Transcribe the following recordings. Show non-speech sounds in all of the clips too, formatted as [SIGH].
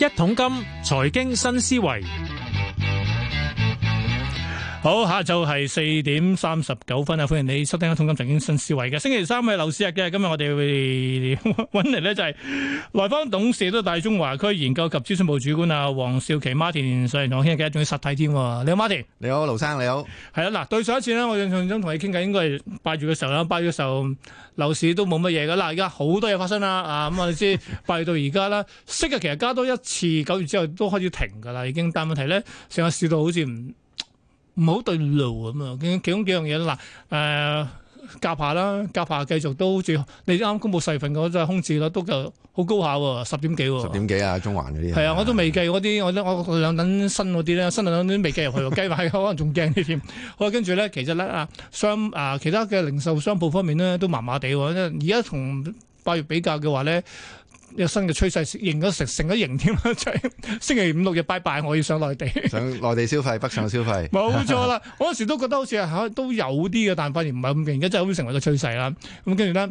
一桶金，財經新思維。好，下晝係四點三十九分啊！歡迎你收聽《一桶金之財經新思維》嘅星期三係樓市日嘅。今日我哋揾嚟咧就係、是、內方董事都大中華區研究及資訊部主管啊，黃少奇 Martin 上嚟講，今日今日仲要實體添。你好，Martin。你好，盧生。你好。係啊，嗱，對上一次咧，我印象中同你傾偈，應該係八月嘅時候啦。八月嘅時候，時候樓市都冇乜嘢噶啦。而家好多嘢發生啦啊！咁、 [LAUGHS] 嗯、我哋知，八月到而家啦，息日其實加多一次，九月之後都開始停噶啦，已經。但係問題咧，成個市道好似唔。唔好對路咁啊！其中幾樣嘢嗱，誒、呃，甲廈啦，甲廈繼續都最你啱公佈細份嗰都空置啦，都夠好高下十點幾喎。十點幾啊？中環嗰啲係啊，我都未計嗰啲，我我兩等新嗰啲咧，新兩等都未計入去，計埋可能仲驚啲添。好跟住咧，其實咧啊，商啊、呃，其他嘅零售商鋪方面咧都麻麻地，因為而家同八月比較嘅話咧。有新嘅趨勢，贏咗成成咗型添啦！星期五六日拜拜，我要上內地，上內地消費，北上消費，冇錯啦。嗰陣時都覺得好似嚇都有啲嘅，但反而唔係咁勁。而家真係好似成為咗趨勢啦。咁跟住咧，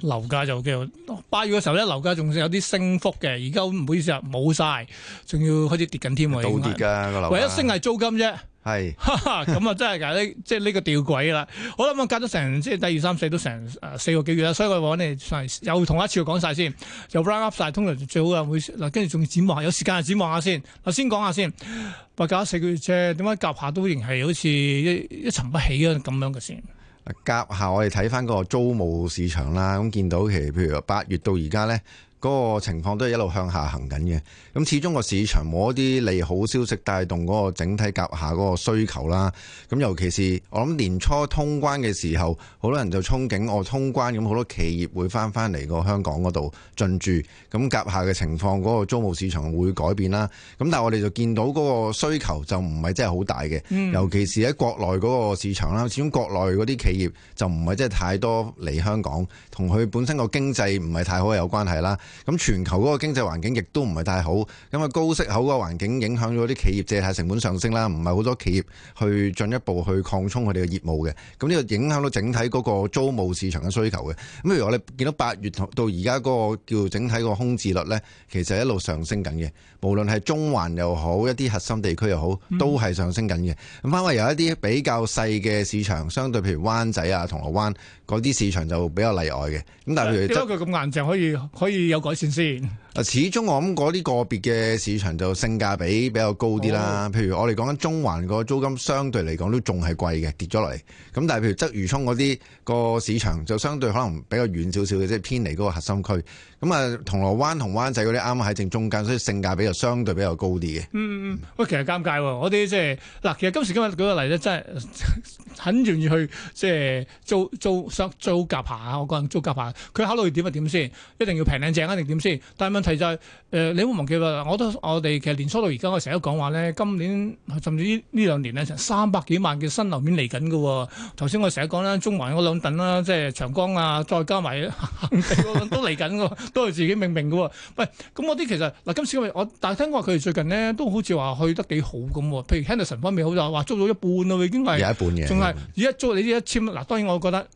樓價就繼續八月嘅時候咧，樓價仲有啲升幅嘅。而家唔好意思啊，冇晒，仲要開始跌緊添喎。倒跌㗎個樓價，唯一坦樓升係租金啫。係，咁啊是 [LAUGHS] [LAUGHS] 真係噶，呢即係呢個吊詭啦。好啦，咁啊隔咗成即係第二三四都成誒、呃、四個幾月啦，所以我話咧，又同一次講晒先，又 round up 晒，通常最好嘅會嗱，跟住仲要展望，有時間啊展望下先。嗱，先講下先，八九十四個月啫，點解夾下都仍係好似一一沉不起啊咁樣嘅先。夾下我哋睇翻個租務市場啦，咁見到其實譬如八月到而家咧。嗰個情況都係一路向下行緊嘅，咁始終個市場冇一啲利好消息帶動嗰個整體夾下嗰個需求啦。咁尤其是我諗年初通關嘅時候，好多人就憧憬我通關，咁好多企業會翻翻嚟個香港嗰度進駐。咁夾下嘅情況，嗰個租務市場會改變啦。咁但係我哋就見到嗰個需求就唔係真係好大嘅，嗯、尤其是喺國內嗰個市場啦。始終國內嗰啲企業就唔係真係太多嚟香港，同佢本身個經濟唔係太好有關係啦。咁全球嗰個經濟環境亦都唔係太好，因為高息口嗰個環境影響咗啲企業借貸成本上升啦，唔係好多企業去進一步去擴充佢哋嘅業務嘅。咁呢個影響到整體嗰個租務市場嘅需求嘅。咁譬如我哋見到八月到而家嗰個叫整體個空置率咧，其實一路上升緊嘅，無論係中環又好，一啲核心地區又好，都係上升緊嘅。咁反為有一啲比較細嘅市場，相對譬如灣仔啊、銅鑼灣嗰啲市場就比較例外嘅。咁但係佢咁硬淨可以可以有改善先。始終我諗嗰啲個別嘅市場就性價比比較高啲啦，哦、譬如我哋講緊中環個租金相對嚟講都仲係貴嘅，跌咗落嚟。咁但係譬如鰂魚涌嗰啲個市場就相對可能比較遠少少嘅，即係偏離嗰個核心區。咁、嗯、啊，銅鑼灣同灣仔嗰啲啱啱喺正中間，所以性價比就相對比較高啲嘅。嗯嗯，喂，其實尷尬，我啲即係嗱，其實今時今日舉個例咧，真 [LAUGHS] 係很願意去即係租租想租甲廈我個人租甲廈，佢考慮點啊點先，一定要平靚正一定點先？但係係就係你會忘記㗎？我都我哋其實年初到而家，我成日都講話咧，今年甚至呢呢兩年咧，成三百幾萬嘅新樓面嚟緊嘅。頭先我成日講啦，中環嗰兩棟啦、啊，即係長江啊，再加埋都嚟緊嘅，都係自己命名嘅、哦。喂，咁、嗯、我啲其實嗱、呃，今次我但係聽過佢哋最近咧都好似話去得幾好咁。譬如 Henderson 方面好就話租到一半啦，已經係一半嘅，仲係而家租你呢一千。嗱，當然我覺得。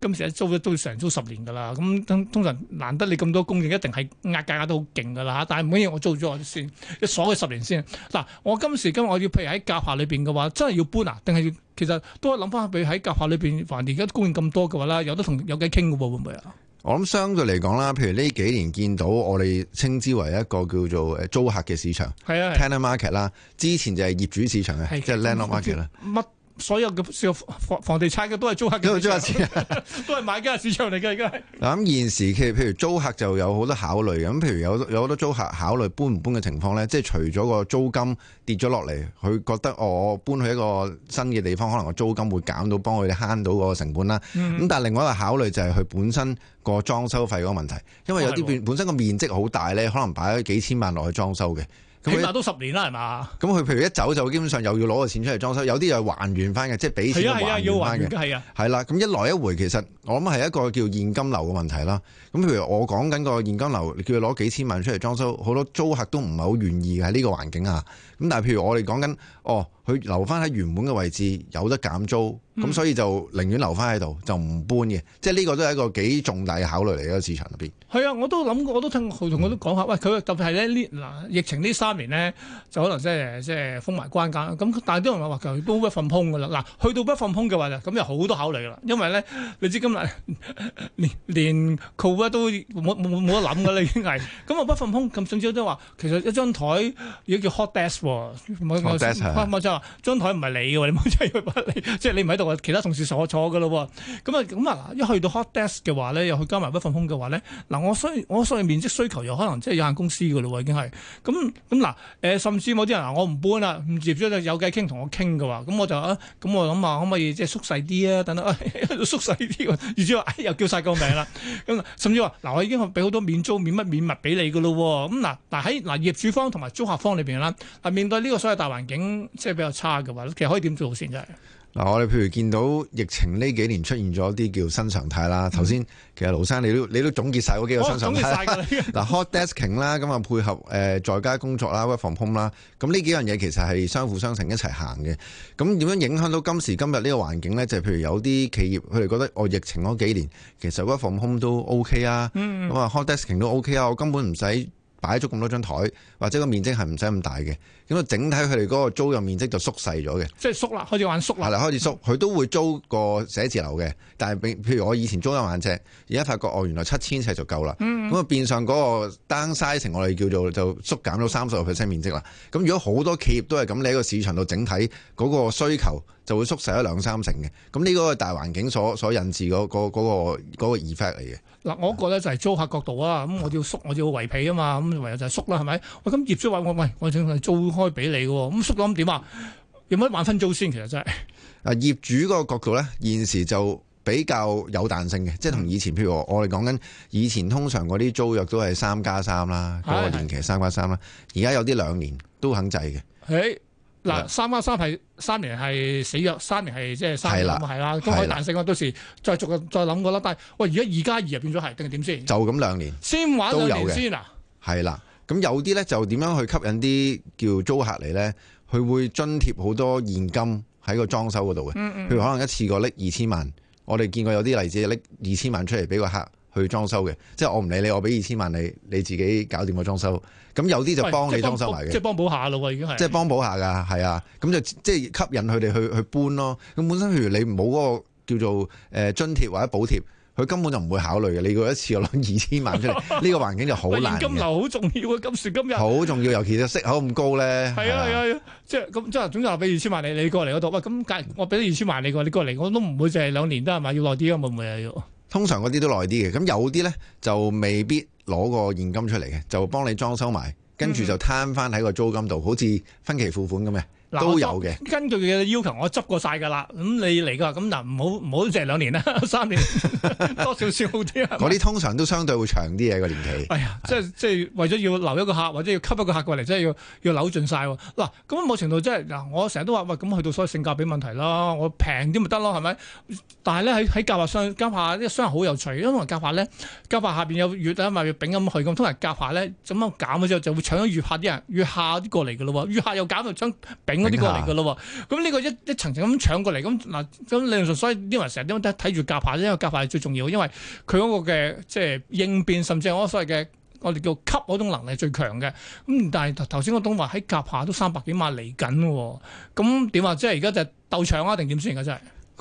今時租都要成租十年噶啦，咁通常難得你咁多供應，一定係壓價壓到好勁噶啦，但係唔好意思，我租咗先，一鎖佢十年先。嗱、啊，我今時今日我要譬如喺價下裏邊嘅話，真係要搬啊？定係其實都諗翻，譬如喺價下裏邊，凡係而家供應咁多嘅話啦，有得同有偈傾嘅噃，會唔會啊？我諗相對嚟講啦，譬如呢幾年見到我哋稱之為一個叫做誒租客嘅市場，係啊，Tenant Market 啦，之前就係業主市場嘅，即係 Landlord Market 啦。所有嘅房房地產嘅都係租客，租租客 [LAUGHS] 都係租都係買家市場嚟嘅而家。嗱，咁 [LAUGHS] 現時其實譬如租客就有好多考慮，咁譬如有有好多租客考慮搬唔搬嘅情況咧，即係除咗個租金跌咗落嚟，佢覺得我搬去一個新嘅地方，可能個租金會減到幫佢哋慳到個成本啦。咁、嗯、但係另外一個考慮就係佢本身個裝修費嗰個問題，因為有啲本身個面積好大咧，可能擺咗幾千萬落去裝修嘅。起碼都十年啦，係嘛？咁佢譬如一走就基本上又要攞個錢出嚟裝修，有啲又還原翻嘅，即係俾錢還翻嘅，係啊。係啦、啊、咁、啊啊、一來一回，其實我諗係一個叫現金流嘅問題啦。咁譬如我講緊個現金流，你叫佢攞幾千萬出嚟裝修，好多租客都唔係好願意喺呢個環境啊。咁但係譬如我哋講緊哦。佢留翻喺原本嘅位置，有得減租，咁、嗯、所以就寧願留翻喺度，就唔搬嘅。即係呢個都係一個幾重大嘅考慮嚟嘅，市場入邊。係啊，我都諗過，我都聽佢同我都講下。喂，佢特別係咧呢嗱疫情呢三年呢，就可能即係即係封埋關卡。咁但係都有人話其實都一份空㗎啦。嗱，去到不份空嘅話，咁有好多考慮㗎啦。因為呢，你知今日連連 call 都冇冇得諗㗎啦已經係。咁啊，不份空咁甚至都話其實一張台如果叫 hot desk, hot desk 喎的。hot desk 張台唔係你嘅， [LAUGHS] 你冇真係佢把你，即係你唔喺度，其他同事坐坐噶咯。咁啊，咁啊，嗱，一去到 Hot Desk 嘅話咧，又去加埋不份空嘅話咧，嗱，我需我所需面積需求又可能即係有限公司噶咯，已經係。咁咁嗱，誒、呃，甚至某啲人話啊，我唔搬啦，唔接租有偈傾，同我傾嘅話，咁我就咁我諗下可唔可以即係縮細啲啊？等等、哎、呵呵縮啊，縮細啲。業主話，又叫晒救命啦。咁、 [LAUGHS] 嗯、甚至話，嗱，我已經俾好多免租、免乜、免物俾你噶咯。咁嗱，嗱喺嗱業主方同埋租客方裏邊啦，嗱面對呢個所謂大環境，即係。比較差嘅話，其實可以點做先？ [LAUGHS] 真係嗱，我哋譬如見到疫情呢幾年出現咗啲叫新常態啦。頭、嗯、先 [NOISE] 其實盧生你都你都總結晒嗰幾個新常態啦。嗱，hot desking 啦，咁 [LAUGHS] 啊、 [NOISE] nah, 配合誒、呃、在家工作啦，work from home 啦，咁呢幾樣嘢其實係相輔相成一齊行嘅。咁點樣影響到今時今日呢個環境呢？就係譬如有啲企業佢哋覺得，哦，疫情嗰幾年其實 work from home 都 OK 啊，咁啊 hot desking 都 OK 啊，我根本唔使擺足咁多張台，或者個面積係唔使咁大嘅。咁啊，整體佢哋嗰個租入面積就縮細咗嘅，即係縮啦，開始玩縮啦，係啦，開始縮，佢、嗯、都會租個寫字樓嘅，但係譬如我以前租一萬尺，而家發覺哦，原來七千尺就夠啦，咁啊、嗯、變相嗰個 down-sizing 我哋叫做就縮減咗三十個 percent 面積啦。咁如果好多企業都係咁，你喺個市場度整體嗰個需求就會縮細咗兩三成嘅。咁、這、呢個大環境所所引致嗰嗰嗰個嗰、那個那個 effect 嚟嘅。嗱、嗯，我覺得就係租客角度啊，咁、嗯、我要縮，我要圍皮啊嘛，咁、嗯、唯有縮就係縮啦，係咪、哎？喂，咁業主話，喂喂，我想租。開俾你嘅，咁叔諗點啊？有冇玩分租先？其實真係。啊，業主嗰個角度咧，現時就比較有彈性嘅，嗯、即係同以前，譬如我哋講緊以前通常嗰啲租約都係三加三啦，3, 個年期三加三啦，而家是有啲兩年都肯制嘅。誒、哎，嗱，三加三係三年係死約，三年係即係三年咁係啦，都可以彈性嘅，到時再逐個再諗過啦。但係喂，而家二加二入變咗係定係點先？就咁兩年。先玩兩年,年先嗱、啊。係啦。咁有啲呢，就點樣去吸引啲叫租客嚟呢？佢會津貼好多現金喺個裝修嗰度嘅。嗯嗯、譬如可能一次過拎二千萬，我哋見過有啲例子拎二千萬出嚟俾個客去裝修嘅。即係我唔理你，我俾二千萬你，你自己搞掂個裝修。咁有啲就幫你裝修埋嘅，即係幫，幫，幫，幫補下咯，已經係。即係幫補下㗎，係啊，咁就即係吸引佢哋去去搬咯。咁本身譬如你冇嗰個叫做誒津貼或者補貼。佢根本就唔會考慮嘅，你要一次攞二千萬出嚟，呢 [LAUGHS] 個環境就好難，現金流好重要啊，今時今日好重要，尤其係息口咁高咧。係啊係吧啊，啊，即係咁即係，總之話俾二千萬你，你過嚟嗰度，喂，咁介我俾咗二千萬你嘅，你過嚟，我都唔會淨係兩年得係咪？要耐啲嘅，會唔會啊？要，要通常嗰啲都耐啲嘅，咁有啲咧就未必攞個現金出嚟嘅，就幫你裝修埋，跟住就攤翻喺個租金度，嗯、好似分期付款咁嘅。都有嘅，根據佢嘅要求，我執過晒㗎啦。咁你嚟㗎，咁嗱唔好唔好借兩年啦，三年多少少好啲。嗰啲通常都相對會長啲嘅個年期。哎呀，即係即係為咗要留一個客，或者要吸一個客過嚟，即係要要扭盡晒。嗱咁某程度即係嗱，我成日都話喂，咁去到所謂性價比問題啦，我平啲咪得咯，係咪？但係咧喺喺夾滑商夾滑啲商好有趣，因為夾下咧，夾下下邊有月啊嘛，有餅咁去咁。通常夾滑咧，咁樣減嘅時候就會搶咗月客啲人，月客啲過嚟㗎咯。月客又減又搶餅，嗰啲過嚟噶咯喎，咁呢個,個一一層層咁搶過嚟，咁嗱咁理論上所以啲人成日都睇住夾牌因為夾牌係最重要，因為佢嗰個嘅即係應變，甚至係我所謂嘅我哋叫吸嗰種能力係最強嘅。咁但係頭先個董華喺夾牌都三百幾萬嚟緊喎，咁點話？即係而家就鬥搶啊，定點算？嘅真係？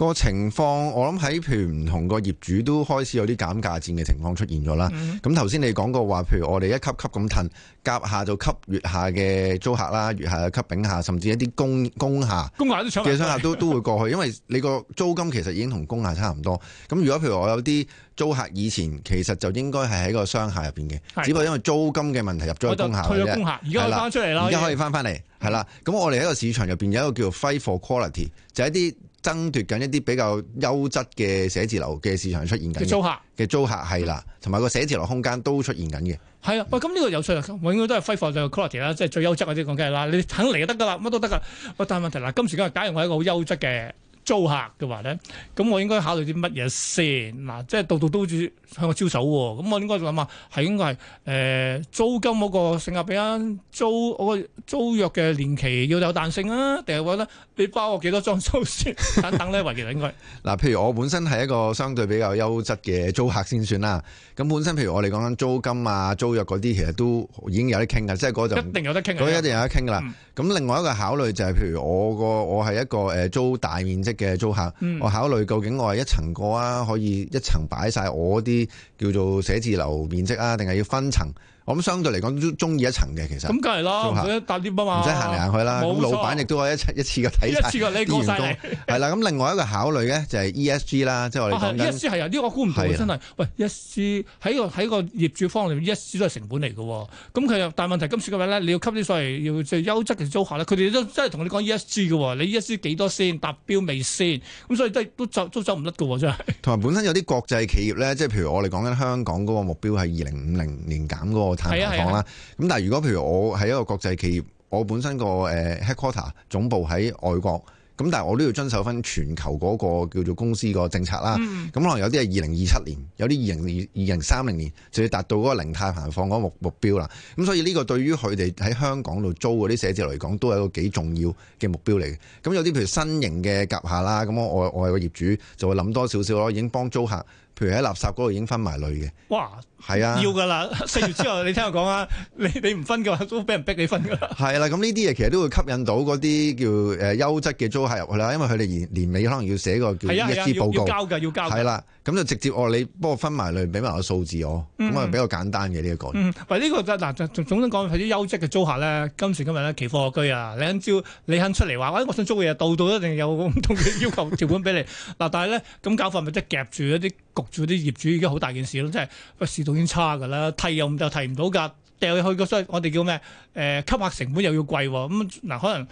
個情況我諗喺，譬如唔同個業主都開始有啲減價戰嘅情況出現咗啦。咁頭先你講過話，譬如我哋一級級咁褪，甲廈就吸乙廈嘅租客啦，乙廈就吸丙廈，甚至一啲工工廈、商客都都會過去。 [LAUGHS] 因為你個租金其實已經同工廈差唔多。咁如果譬如我有啲租客以前其實就應該係喺個商廈入邊嘅，的只不過因為租金嘅問題入咗工廈嘅工廈，而家可以翻出嚟啦。而家可以翻翻嚟，係啦以。咁我哋喺個市場入邊有一個叫做 flight to quality，就係一啲。爭奪緊一啲比較優質嘅寫字樓嘅市場出現緊嘅租客嘅租客係啦，同埋個寫字樓空間都出現緊嘅。係、嗯、啊，喂，咁呢個有趣啦，永遠都係揮霍就 quality 啦，即係最優質嗰啲講緊係啦。你肯嚟就得㗎喇，乜都得㗎。喂，但係問題嗱，今時今日，假如我係一個好優質嘅。租客嘅話咧，咁我應該考慮啲乜嘢先？嗱、啊，即係度度都好似向我招手喎，咁我應該諗下，係應該係誒，租金嗰個性價比啊，租嗰個租約嘅年期要有彈性啊，定係話咧，你包我幾多裝修先等等咧？其實就應該嗱，譬如我本身係一個相對比較優質嘅租客先算啦。咁本身譬如我哋講緊租金啊、租約嗰啲，其實都已經有得傾噶，即係嗰度一定有得傾，嗰、嗯、一定有得傾噶啦。咁另外一個考慮就係、是，譬如我個我係一個誒租大面積。嘅租客，我考慮究竟我係一層過啊，可以一層擺晒我啲叫做寫字樓面積啊，定係要分層？咁相對嚟講都中意一層嘅其實，咁梗係啦，搭啲乜嘛，唔使行嚟行去啦。咁老闆亦都可以一一一次嘅睇一次嘅，你講曬係啦。咁另外一個考慮咧就係 ESG 啦，即係我哋依 ESG 係啊，呢個估唔到真係。喂，ESG 喺個喺個業主方面，ESG 都係成本嚟嘅。咁佢又但係問題，今次嘅話咧，你要吸啲所謂，要即係優質嘅租客咧，佢哋都真係同你講 ESG 嘅喎。你 ESG 幾多先達標未先？咁所以都都走都走唔甩嘅喎，真係。同埋本身有啲國際企業咧，即係譬如我哋講緊香港嗰個目標係二零五零年減嗰碳排放啦，咁但係如果譬如我喺一個國際企業，我本身個誒 headquarter 總部喺外國，咁但係我都要遵守翻全球嗰個叫做公司個政策啦。咁可能有啲係二零二七年，有啲二零二二零三零年就要達到嗰個零碳排放嗰個目目標啦。咁所以呢個對於佢哋喺香港度租嗰啲寫字樓嚟講，都係一個幾重要嘅目標嚟嘅。咁有啲譬如新型嘅夾下啦，咁我我係個業主就會諗多少少咯，已經幫租客。譬如喺垃圾嗰度已經分埋類嘅。哇，係啊，要㗎啦！四月之後你聽我講啊， [LAUGHS] 你你唔分嘅話都俾人逼你分㗎啦。係啦、啊，咁呢啲嘢其實都會吸引到嗰啲叫誒優質嘅租客入去啦，因為佢哋年尾可能要寫個叫月租、啊、報告要。要交㗎，要交。係啦、啊，咁就直接哦， [LAUGHS] 你幫我分埋類，俾埋、這個數字我，咁啊比較簡單嘅呢一個。喂，呢個得嗱，總總總講係啲優質嘅租客咧，今時今日咧，期貨居啊，你今朝你肯出嚟話，我、哎、我想租嘢，到到一定有唔同嘅要求條款俾你嗱， [LAUGHS] 但係咧咁搞法咪即係夾住一啲局做啲業主已經好大件事咯，即係市道已經差㗎啦，替又替又提唔到㗎，掉去個衰，所以我哋叫咩？誒、呃，吸客成本又要貴喎，咁、嗯、嗱，可能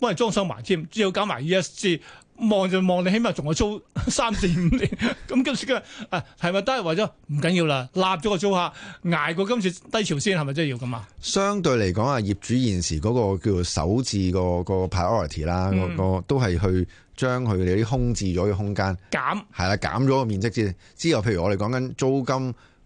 幫人裝修埋添，只要搞埋 ESG。望就望，看著看著你起碼仲係租三四五年，咁 [LAUGHS] 今次嘅、啊、係咪都係為咗唔緊要啦？立咗個租客，捱過今次低潮先係咪真係要咁啊？相對嚟講，啊業主現時嗰個叫做首置個個 priority 啦，個個、嗯、都係去將佢哋啲空置咗嘅空間減，係啦、啊、減咗個面積先。之後，譬如我哋講緊租金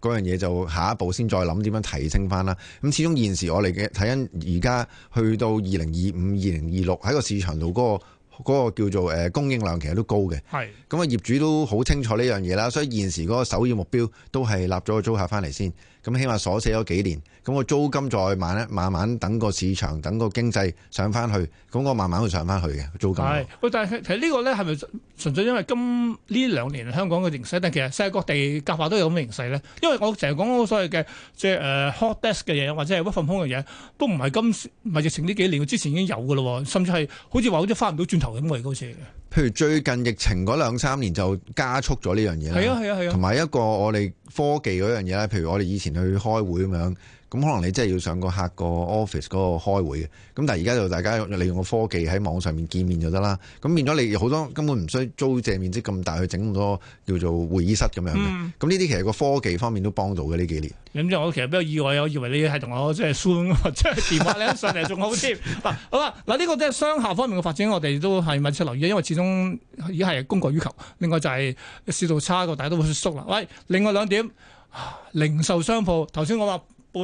嗰樣嘢，就下一步先再諗點樣提升翻啦。咁始終現時我哋嘅睇緊而家去到二零二五、二零二六喺個市場度嗰、那個。嗰個叫做誒，供應量其實都高嘅，係咁啊！業主都好清楚呢樣嘢啦，所以現時嗰個首要目標都係立咗個租客翻嚟先。咁起碼鎖死咗幾年，咁個租金再慢一慢慢等個市場，等個經濟上翻去，咁我慢慢會上翻去嘅租金。係，但係其實呢個咧係咪純粹因為今呢兩年香港嘅形勢？但其實世界各地夾話都有咁嘅形勢咧。因為我成日講嗰個所謂嘅即係誒 hot desk 嘅嘢，或者係屈粉空嘅嘢，都唔係今唔係疫情呢幾年，之前已經有㗎咯。甚至係好似話好似翻唔到轉頭咁嘅好似，譬如最近疫情嗰兩三年就加速咗呢樣嘢啦。係啊係啊係啊！同埋、啊啊啊、一個我哋。科技嗰樣嘢啦，譬如我哋以前去開會咁樣。咁可能你真係要上個客個 office 嗰個開會嘅，咁但係而家就大家利用個科技喺網上面見面就得啦，咁變咗你好多根本唔需租借面積咁大去整咁多叫做會議室咁樣嘅，咁呢啲其實個科技方面都幫到嘅呢幾年。咁即、嗯、我其實比較意外，我以為你係同我即係 Zoom 或者電話來上嚟仲好添、 [LAUGHS] 啊。好啦，嗱、這、呢個即係商廈方面嘅發展，我哋都係密切留意，因為始終已經係供過於求。另外就係市道差過，大家都會縮啦。喂，另外兩點，零售商鋪，頭先我話。半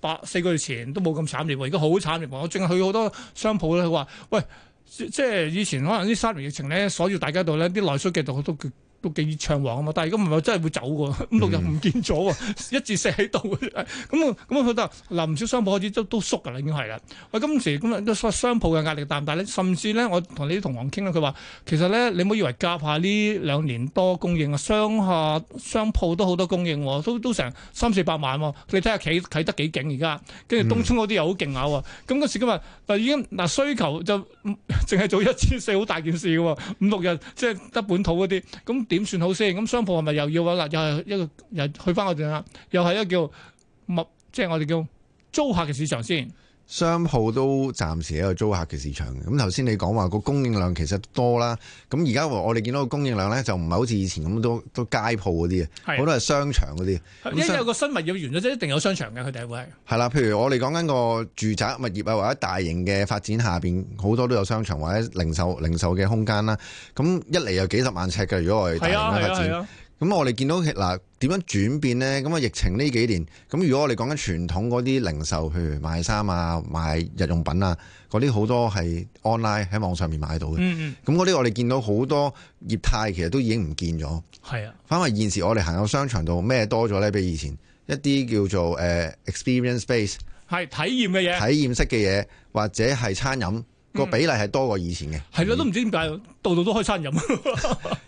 百四個月前都冇咁慘烈喎，而家好慘烈喎！我淨係去好多商鋪咧，佢話：「喂，即係以前可能啲三年疫情咧，鎖住大家度咧，啲內需嘅度都……」多都幾暢旺啊嘛！但係如果唔係真係會走嘅喎，五六日唔見咗喎，一至四喺度咁啊咁啊我覺得嗱唔少商鋪開始都都縮㗎啦，已經係啦。喂，今時咁啊商鋪嘅壓力大唔大咧？甚至咧，我同你啲同行傾咧，佢話其實咧，你唔好以為夾下呢兩年多供應商下商鋪都好多供應喎，都都成三四百萬喎。你睇下企起得幾勁而家，跟住東涌嗰啲又好勁下喎。咁嗰時今日嗱已經嗱需求就淨係做一千四好大件事嘅喎，五六日即係得本土嗰啲咁。點算好先？咁商鋪係咪又要啦？又係一個又去返我哋啦？又係一個叫物，即係我哋叫租客嘅市場先。商鋪都暫時喺度租客嘅市場。咁頭先你講話個供應量其實多啦，咁而家我哋見到個供應量呢，就唔係好似以前咁多都街鋪嗰啲，好多係商場嗰啲。的商因為有個新物業完咗，即一定有商場嘅，佢哋一會係。係啦，譬如我哋講緊個住宅物業啊，或者大型嘅發展下邊，好多都有商場或者零售、零售嘅空間啦。咁一嚟有幾十萬尺嘅，如果我哋大型嘅發展。咁我哋見到嗱點樣轉變呢？咁啊疫情呢幾年，咁如果我哋講緊傳統嗰啲零售，譬如買衫啊、買日用品啊，嗰啲好多係 online 喺網上面買到嘅。咁嗰啲我哋見到好多業態其實都已經唔見咗。係啊，反為現時我哋行喺商場度咩多咗呢？比以前一啲叫做誒、呃、experience space 係體驗嘅嘢，體驗，體驗式嘅嘢或者係餐飲。個比例係多過以前嘅，係咯，都唔知點解，度度都開餐飲。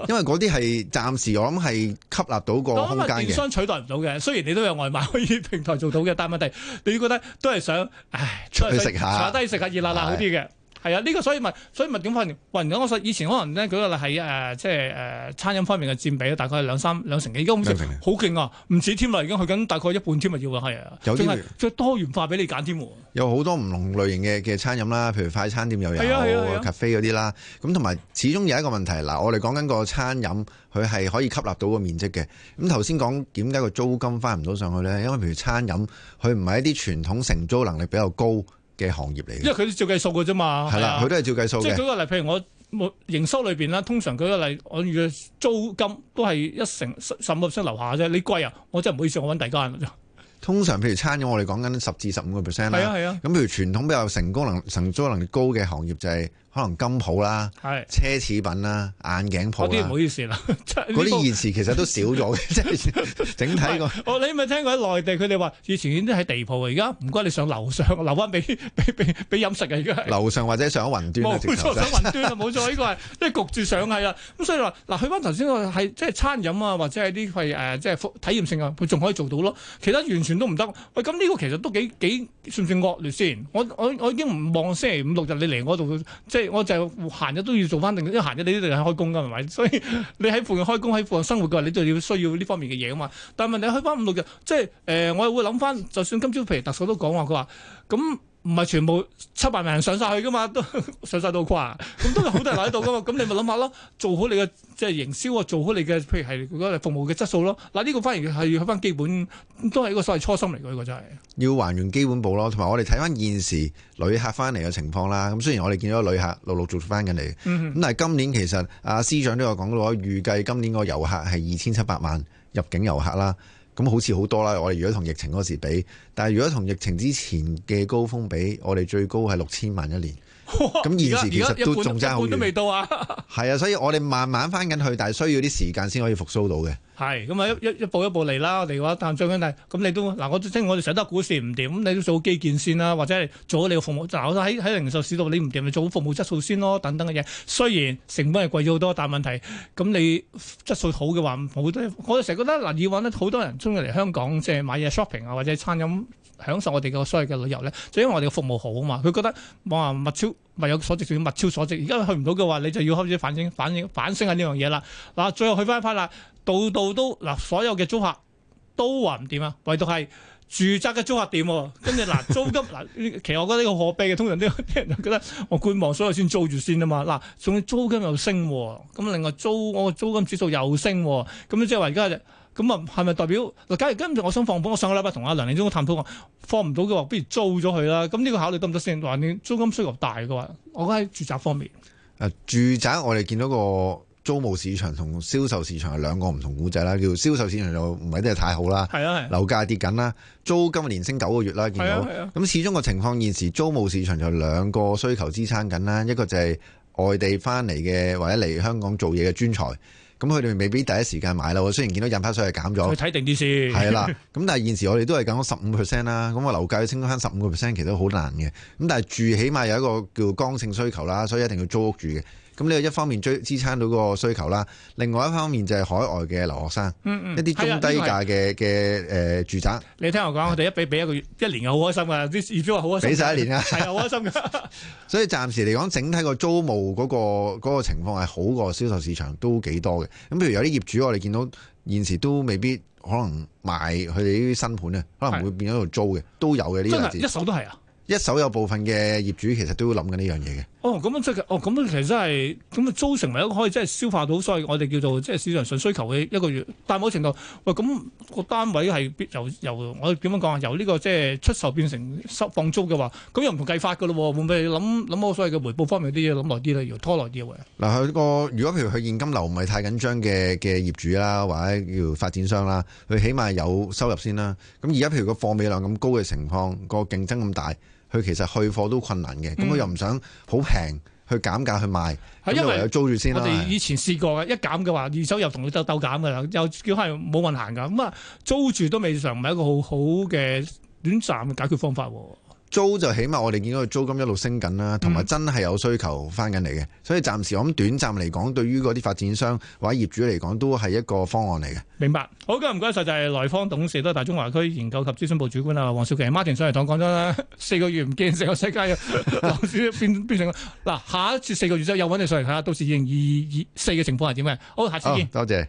因為嗰啲係暫時，我諗係吸納到個空間嘅，電商取代唔到嘅，雖然你都有外賣可以平台做到嘅，但係問題，你覺得都係想，唉，出去食下，坐低食下熱辣辣嗰啲嘅。係啊，呢個所以咪所以咪點解喂？咁我以前可能咧，佢個係誒即係誒餐飲方面嘅佔比，大概兩三兩成幾，而家好似好勁啊，唔止添啦，而家去緊大概一半添啊，要啊，係啊有啲，仲係再多元化俾你揀添。有好多唔同類型嘅嘅餐飲啦，譬如快餐店又有咖啡嗰啲啦，咁同埋始終有一個問題，嗱，我哋講緊個餐飲，佢係可以吸納到個面積嘅。咁頭先講點解個租金翻唔到上去咧？因為譬如餐飲，佢唔係一啲傳統承租能力比較高。嘅行業嚟，嘅，因為佢都照計數嘅啫嘛，係啦的，佢都係照計數，即係舉個例，譬如我，我，我營收裏邊啦，通常舉個例，我預租金都係一成十五 percent 留下啫。你貴啊，我真係唔好意思，我揾第間啦。 [LAUGHS] 通常譬如餐飲，我哋講緊十至十五個 percent 啦。係啊係啊。咁譬如傳統比較成功能承租能力高嘅行業就係、是。可能金鋪啦，奢侈品啦，眼鏡鋪啦，唔好意思啦，啲現時其實都少咗嘅，即係 [LAUGHS] 整體個。我你咪聽過喺內地，佢哋話以前啲都喺地鋪，而家唔該你上樓上，留翻俾俾俾俾飲食嘅，而家係樓上或者上喺雲端。冇錯，上雲端冇 [LAUGHS] 錯，呢、這個係即係焗住上去啦。咁所以話嗱，去翻頭先個係即係餐飲啊，或者係啲係誒即係體驗性啊，佢仲可以做到咯。其他完全都唔得。喂、哎，咁呢個其實都幾幾算唔算惡劣先？我我我已經唔望星期五六日你嚟我度，即係。我就行咗都要做翻定，因為行咗你一定係開工噶係咪？所以你喺附近開工喺附近生活嘅話，你就要需要呢方面嘅嘢啊嘛。但係問題開翻五六日，即係誒、呃，我又會諗翻，就算今朝譬如特首都講話，佢話咁。唔係全部七百萬人上晒去噶嘛，都上晒到啩，咁都有好多人喺度噶嘛，咁 [LAUGHS] 你咪諗下咯，做好你嘅即係營銷啊，做好你嘅譬如係服務嘅質素咯，嗱，呢個反而係要翻基本，都係一個所謂初心嚟嘅，呢個真、就、係、是。要還原基本步咯，同埋我哋睇翻現時旅客翻嚟嘅情況啦。咁雖然我哋見到旅客陸陸續續翻緊嚟，咁、嗯、哼但係今年其實阿司長都有講到，預計今年個遊客係二千七百萬入境遊客啦。咁好似好多啦，我哋如果同疫情嗰時比，但係如果同疫情之前嘅高峰比，我哋最高係六千萬一年。咁而家而家一半一半都未到啊，係 [LAUGHS] 啊，所以我哋慢慢翻緊去，但係需要啲時間先可以復甦到嘅。係咁啊，一一步一步嚟啦，嚟嘅話。但最緊係咁，你都嗱，我即我哋成日都股市唔掂，咁你都做基建先啦、啊，或者係做咗你個服務。嗱，我喺喺零售市度，你唔掂咪做好服務質素先咯，等等嘅嘢。雖然成本係貴咗好多，但問題咁你質素好嘅話，好多我哋成日覺得嗱，以往咧好多人鍾意嚟香港，即係買嘢 shopping 啊，或者係餐飲享受我哋嘅所謂嘅旅遊咧，就因為我哋嘅服務好啊嘛，佢覺得冇話物超。物有所值仲要物超所值，而家去唔到嘅話，你就要開始反省、反省、反省，反省下呢樣嘢啦。嗱、啊，最後去翻一翻啦，度度都嗱、啊，所有嘅租客都話唔掂啊，唯獨係住宅嘅租客掂。跟住嗱，租金嗱、啊，其實我覺得呢個可悲嘅，通常啲啲人就覺得我觀望，所以先租住先啊嘛。嗱、啊，仲租金又升，咁、啊、另外租我個租金指數又升，咁即係話而家就是。咁啊，係咪代表假如跟住我想放盤，我上個禮拜同阿梁連忠嘅探討，我放唔到嘅話，不如租咗佢啦。咁呢個考慮得唔得先？話你租金需求大嘅話，我覺得喺住宅方面。誒，住宅我哋見到個租務市場同銷售市場係兩個唔同故仔啦。叫做銷售市場就唔係真係太好啦，啊啊啊、樓價跌緊啦，租金年升九個月啦，見到。咁、啊啊、始終個情況現時租務市場就兩個需求支撐緊啦，一個就係外地翻嚟嘅或者嚟香港做嘢嘅專才。咁佢哋未必第一時間買啦，我雖然見到印花稅係減咗，佢睇定啲先係啦。咁 [LAUGHS] 但係現時我哋都係減咗十五 percent 啦，咁我樓價升翻十五個 percent，其實都好難嘅。咁但係住起碼有一個叫剛性需求啦，所以一定要租屋住嘅。咁你一方面追支撐到嗰個需求啦，另外一方面就係海外嘅留學生，嗯嗯、一啲中低價嘅嘅誒住宅。嗯嗯呃、你聽我講，我哋是一俾俾一個月一年嘅好開心啊！啲業主話好開心，俾晒一年啊，係好開心嘅。 [LAUGHS] 所以暫時嚟講，整體個租務嗰、嗰個嗰個情況係好過銷售市場都幾多嘅。咁譬如有啲業主，我哋見到現時都未必可能賣佢哋啲新盤咧，可能會變咗做租嘅，的都有嘅呢個字一手都係啊，一手有部分嘅業主其實都諗緊呢樣嘢嘅。哦，咁樣即哦咁樣其實真係，咁啊租成為一個可以即係消化到所謂我哋叫做即係市場上需求嘅一個月，但某程度喂，咁個單位係由由我點樣講啊？由呢個即係出售變成收放租嘅話，咁又唔同計法噶咯？會唔會諗諗我所謂嘅回報方面啲嘢諗耐啲咧，要拖耐啲喂，嗱，佢個如果譬如佢現金流唔係太緊張嘅嘅業主啦，或者叫發展商啦，佢起碼有收入先啦。咁而家譬如個貨尾量咁高嘅情況，個競爭咁大。佢其實去貨都困難嘅，咁佢、嗯、又唔想好平去減價去賣，因為我你以前試過嘅，是一減嘅話，二手又同佢鬥鬥減噶啦，又叫係冇運行噶，咁啊租住都未嘗唔係一個好好嘅短暫嘅解決方法喎。租就起碼我哋見到個租金一路升緊啦，同埋真係有需求翻緊嚟嘅，嗯、所以暫時我諗短暫嚟講，對於嗰啲發展商或者業主嚟講，都係一個方案嚟嘅。明白，好嘅，唔該晒，就係、是、來方董事，都係大中華區研究及諮詢部主管啊，黃少琪 Martin 上嚟講講咗啦，四個月唔見成個世界，黃少變變成嗱，下一次四個月之後又搵你上嚟睇下到時二零二二二四嘅情況係點嘅？好，下次見，哦、多謝。